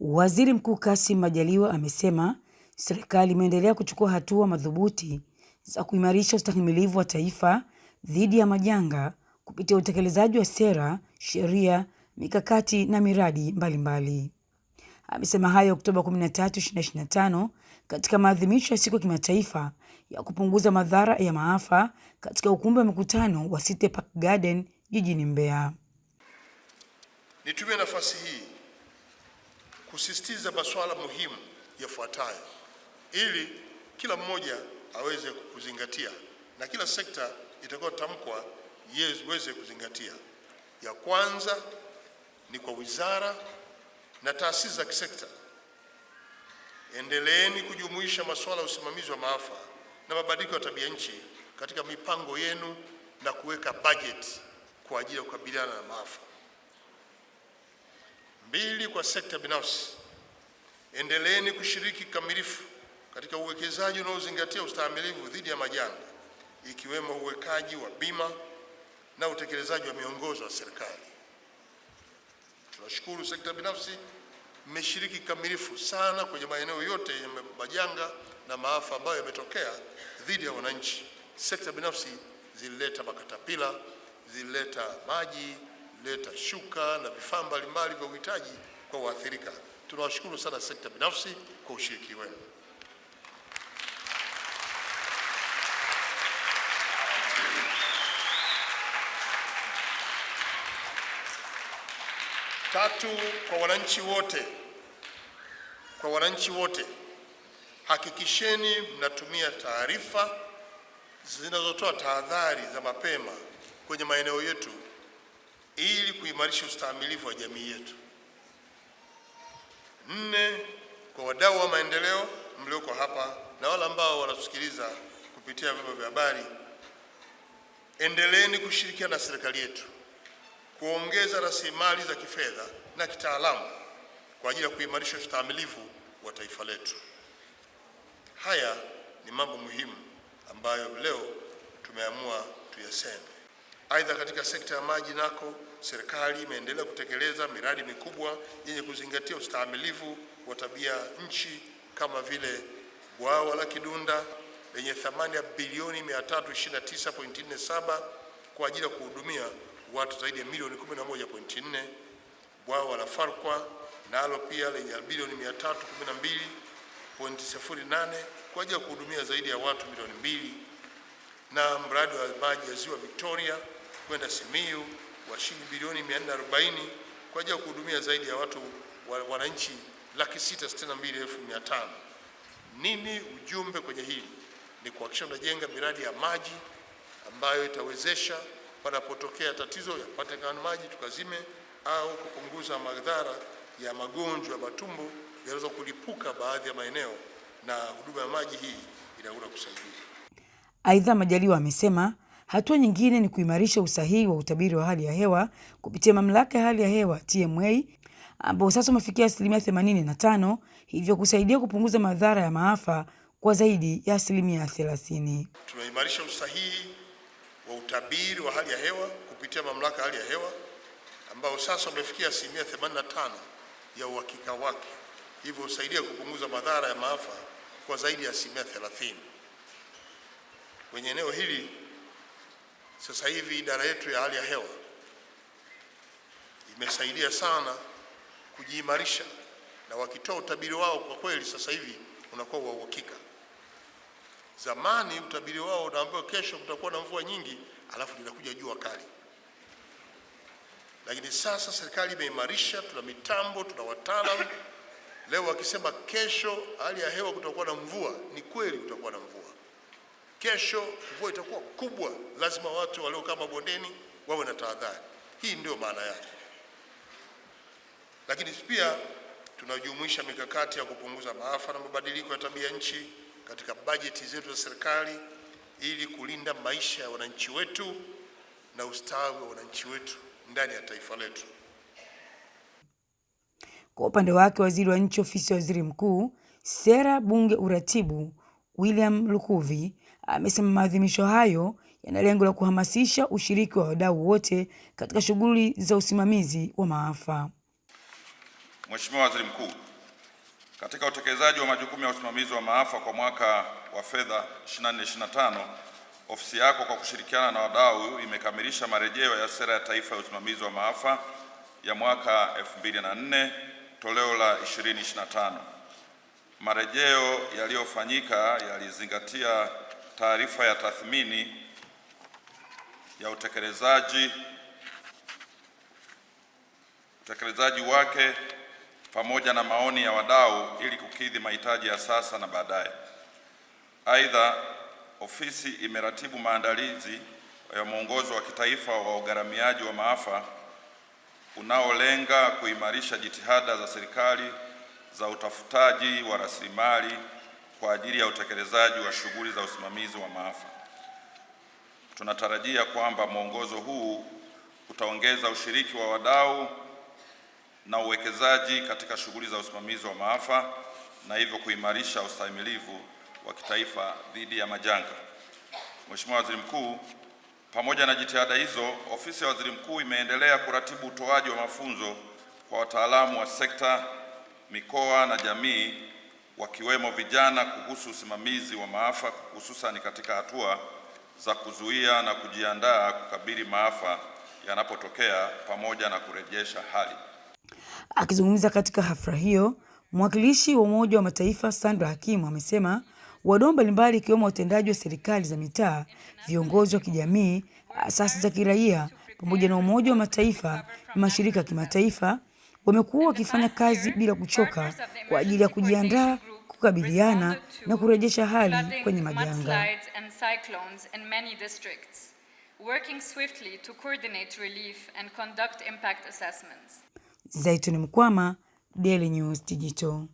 Waziri Mkuu Kassim Majaliwa amesema serikali imeendelea kuchukua hatua madhubuti za kuimarisha ustahimilivu wa taifa dhidi ya majanga kupitia utekelezaji wa sera, sheria, mikakati na miradi mbalimbali. Amesema hayo Oktoba 13, 2025 katika maadhimisho ya siku ya kimataifa ya kupunguza madhara ya maafa katika ukumbi wa mikutano wa City Park Garden jijini Mbeya. Nitumie nafasi hii kusisitiza masuala muhimu yafuatayo ili kila mmoja aweze kuzingatia na kila sekta itakayotamkwa iweze kuzingatia. Ya kwanza ni kwa wizara na taasisi za kisekta, endeleeni kujumuisha masuala ya usimamizi wa maafa na mabadiliko ya tabia nchi katika mipango yenu na kuweka bajeti kwa ajili ya kukabiliana na maafa. Mbili, kwa sekta binafsi, endeleeni kushiriki kikamilifu katika uwekezaji unaozingatia ustahimilivu dhidi ya majanga, ikiwemo uwekaji wa bima na utekelezaji wa miongozo ya serikali. Tunashukuru sekta binafsi mmeshiriki kikamilifu sana kwenye maeneo yote ya majanga na maafa ambayo yametokea dhidi ya wananchi. Sekta binafsi zilileta makatapila, zilileta maji kuleta shuka na vifaa mbalimbali vya uhitaji kwa waathirika. Tunawashukuru sana sekta binafsi kwa ushiriki wenu. Tatu, kwa wananchi wote, kwa wananchi wote hakikisheni mnatumia taarifa zinazotoa tahadhari za mapema kwenye maeneo yetu ili kuimarisha ustahimilivu wa jamii yetu. Nne, kwa wadau wa maendeleo mlioko hapa na wale ambao wanatusikiliza kupitia vyombo vya habari, endeleeni kushirikiana na serikali yetu kuongeza rasilimali za kifedha na kitaalamu kwa ajili ya kuimarisha ustahimilivu wa taifa letu. Haya ni mambo muhimu ambayo leo tumeamua tuyaseme. Aidha, katika sekta ya maji nako serikali imeendelea kutekeleza miradi mikubwa yenye kuzingatia ustahimilivu wa tabia nchi kama vile bwawa la Kidunda lenye thamani ya bilioni 329.47 kwa ajili ya kuhudumia watu zaidi ya milioni 11.4. Bwawa la Farkwa nalo pia lenye bilioni 312.08 kwa ajili ya kuhudumia zaidi ya watu milioni mbili, na mradi wa maji ya Ziwa Victoria kwenda Simiyu wa shilingi bilioni 440 kwa ajili ya kuhudumia zaidi ya watu wananchi laki sita sitini na mbili elfu mia tano. Nini ujumbe kwenye hili? Ni kuhakikisha unajenga miradi ya maji ambayo itawezesha panapotokea tatizo yapatikana maji tukazime, au kupunguza madhara ya magonjwa ya matumbo yanaweza kulipuka baadhi ya maeneo, na huduma ya maji hii inaweza kusaidia. Aidha, Majaliwa amesema Hatua nyingine ni kuimarisha usahihi wa utabiri wa hali ya hewa kupitia mamlaka ya hali ya hewa TMA ambao sasa umefikia asilimia 85, hivyo kusaidia kupunguza madhara ya maafa kwa zaidi ya asilimia 30. Tunaimarisha usahihi wa utabiri wa hali ya hewa kupitia mamlaka ya hali ya hewa ambao sasa umefikia asilimia 85 ya uhakika wake, hivyo husaidia kupunguza madhara ya maafa kwa zaidi ya asilimia 30. Kwenye eneo hili sasa hivi idara yetu ya hali ya hewa imesaidia sana kujiimarisha, na wakitoa utabiri wao kwa kweli sasa hivi unakuwa wa uhakika. Zamani utabiri wao unaambiwa kesho kutakuwa na mvua nyingi, alafu linakuja jua kali. Lakini sasa serikali imeimarisha, tuna mitambo, tuna wataalamu. Leo wakisema kesho hali ya hewa kutakuwa na mvua, ni kweli kutakuwa na mvua. Kesho mvua itakuwa kubwa, lazima watu waliokaa mabondeni wawe na tahadhari. Hii ndio maana yake, lakini pia tunajumuisha mikakati ya kupunguza maafa na mabadiliko ya tabia nchi katika bajeti zetu za serikali ili kulinda maisha ya wananchi wetu na ustawi wa wananchi wetu ndani ya taifa letu. Kwa upande wake, waziri wa nchi ofisi ya waziri mkuu, sera, bunge, uratibu William Lukuvi amesema maadhimisho hayo yana lengo la kuhamasisha ushiriki wa wadau wote katika shughuli za usimamizi wa maafa. Mheshimiwa Waziri Mkuu, katika utekelezaji wa majukumu ya usimamizi wa maafa kwa mwaka wa fedha 2024 ofisi yako kwa kushirikiana na wadau imekamilisha marejeo ya sera ya taifa ya usimamizi wa maafa ya mwaka 2004 toleo la 2025. Marejeo yaliyofanyika yalizingatia taarifa ya tathmini ya utekelezaji utekelezaji wake pamoja na maoni ya wadau ili kukidhi mahitaji ya sasa na baadaye. Aidha, ofisi imeratibu maandalizi ya mwongozo wa kitaifa wa ugharamiaji wa maafa unaolenga kuimarisha jitihada za serikali za utafutaji wa rasilimali kwa ajili ya utekelezaji wa shughuli za usimamizi wa maafa. Tunatarajia kwamba mwongozo huu utaongeza ushiriki wa wadau na uwekezaji katika shughuli za usimamizi wa maafa na hivyo kuimarisha ustahimilivu wa kitaifa dhidi ya majanga. Mheshimiwa Waziri Mkuu, pamoja na jitihada hizo, ofisi ya Waziri Mkuu imeendelea kuratibu utoaji wa mafunzo kwa wataalamu wa sekta mikoa na jamii wakiwemo vijana kuhusu usimamizi wa maafa hususani katika hatua za kuzuia na kujiandaa kukabili maafa yanapotokea pamoja na kurejesha hali. Akizungumza katika hafla hiyo, mwakilishi wa Umoja wa Mataifa Sandra Hakimu amesema wadau mbalimbali ikiwemo watendaji wa serikali za mitaa, viongozi wa kijamii, asasi za kiraia pamoja na Umoja wa Mataifa na mashirika ya kimataifa wamekuwa wakifanya kazi bila kuchoka kwa ajili ya kujiandaa kukabiliana na kurejesha hali kwenye majanga. Zaituni Mkwama, Daily News Digital.